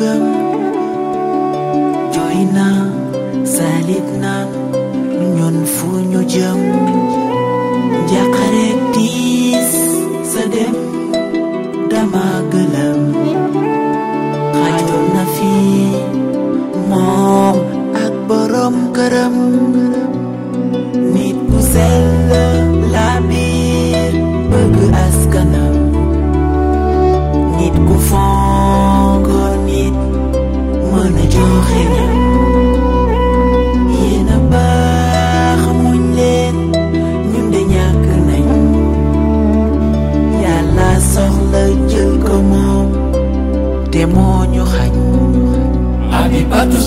gam joina salit na.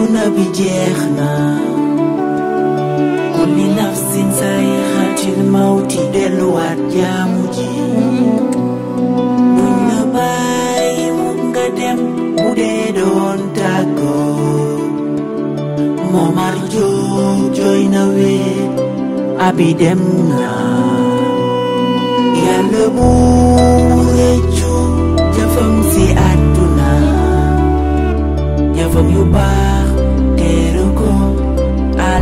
àdduna bi jeex na kulli nafsin saayixatil mawti delluwaat jaamu ji buñ la bàyyi mu nga dem bu dee doon tàggoo Momar Joob jooy na weet abi na yàlla bu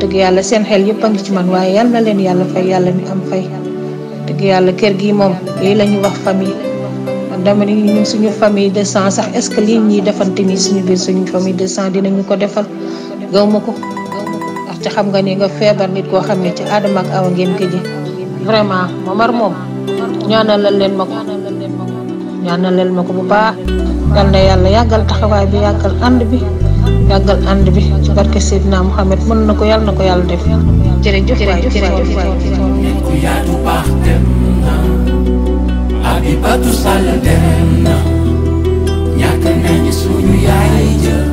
dëgg yàlla seen xel yëpp ngi ci man waaye yalla na leen yàlla fay yalla ni am fay dëgg yàlla kër gi mom yooyu la wax famille dama ni ñu suñu famille de sang sax est ce li ñi ñuy defante ni suñu bir suñu famille de sang dinañu ko defal gawmako ak ah, ci xam nga ni nga febar nit ko xamni ci adam ak aw ngeen gëje vraiment momar moom ñaanalal leen ma ko ñaanalal ma bu baax yalla yalla yagal taxaway bi yagal and bi yàggal ànd bi ci barke Seydina Mouhamed mën na ko yàlla na ko yàlla def jërëjëf waay jërëjëf waay ku yaatu baax dem na Abibatu Sall dem na ñàkk nañu suñu yaay jë